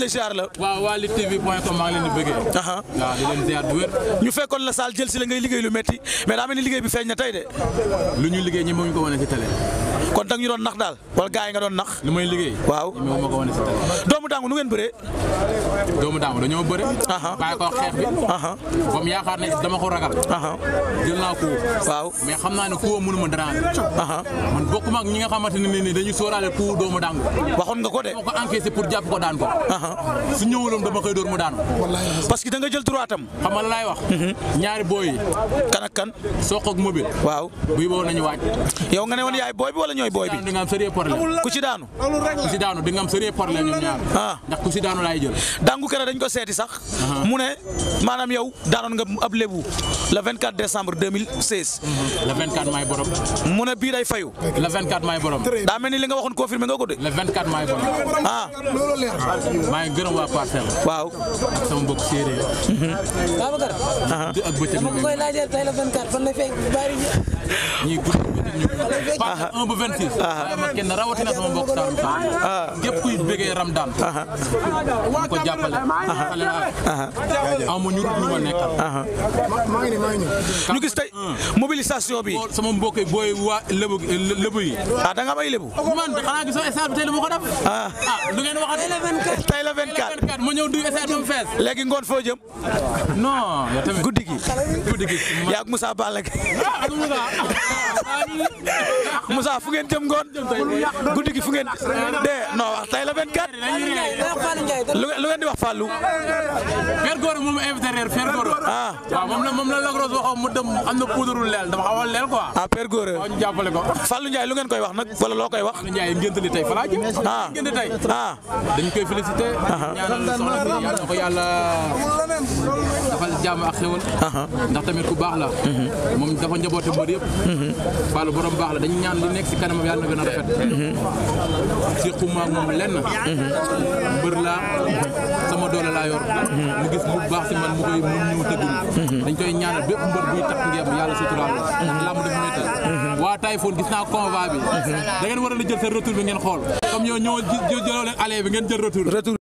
la ziar la. waaw waa Lutte TV point com leen di bëggee. waaw di leen ziar bu wér. ñu fekkoon la saal jël si la ngay liggéey lu métti mais daa mel liggéey bi feeñ na tey de. lu ñu liggéey ñi mënuñ ko wane ci kon da nga ñu doon nax daal wala gars yi doon nax. lu may liggéey. waaw doomu daangu nu ngeen bëree. doomu daangu dañoo bëre. bàyyi ko xeex bi. comme yaakaar ne dama ko ragal. jël naa ko. mais xam naa ne koo mënuma dara. man bokkuma ak ñi nga xamante ne nii dañuy sóoraale ku doomu daangu. waxoon nga ko de. dama ko encaissé pour jàpp ko daan ko. su ñëwuloon dama koy dóor mu daan. parce que da nga jël droit tam. xam nga laay wax. Mhm. ñaari booy yi. kan ak kan. soq ak mobile. waaw buy boobu nañu waaj. yow nga ne woon yaay booy bi wala ñooy booy bi di nga am sérieux problème ku ci daanu ku ci daanu di nga am sérieux problème ah. dangu kere dañ ko seeti sax uh-huh. mu ne maanaam yow daanoon nga ab lébu le 24 décembre uh-huh. mu ne bii day fayu le 24 maay borom daa ni li nga waxoon confirmé nga ko de le 24 maay borom ah waaw uh-huh. ak un ba vingt six ah, ah. ma kenn rawatina sama mbokk Saalum Saalum ah, képp kuy bëggee Ramadan mu ko jàppale xale ñu rut ñu ma nekkal maa ñu gis tey mobilisation bi sama mbokk booy waa lébu lébu yi ah da nga bay lébu man xanaa gisoo stade bi tey lu ma ko def ah lu ngeen waxati tey la 24 ma ñëw du stade mu fees léegi ngoon foo jëm non yow tamit guddi gi guddi gi yaa Moussa fu ngeen jëm ngoon guddi gi fu ngeen de non wax tey la 24. lu lu ngeen di wax Fallou. Père Gora moom invité reer Père Gora. ah waaw Lagros waxoon mu dem am na poudre leel dama xaw a leel quoi. ah Père Gora waaw ñu lu ngeen koy wax nag wala loo koy wax. Fallou Ndiaye ngént li tey falaa jëm. ah ngént tey ah. dañ koy félicité. Ah, ah. ñaanal soxna bi yàlla ko yàlla defal jàmm ak xéwal. Ah, ndax tamit ku baax la. Mm-hmm. moom dafa njaboote mbër yëpp. Mm-hmm. la borom baax la dañu ñaan lu nekk si kanamam yàlla na gën a rafet. si xuma ak moom lenn. mbër laa sama doole laa yor. mu gis mu baax si man mu koy mu ñu tëggul. dañ koy ñaanal bépp mbër buy tax ngeem yàlla suturaal la. làmb dafa métti. waa Typhoon gis naa convoi bi. da ngeen waroon a jël seen retour bi ngeen xool. comme yow jëloo leen aller bi ngeen jël retour.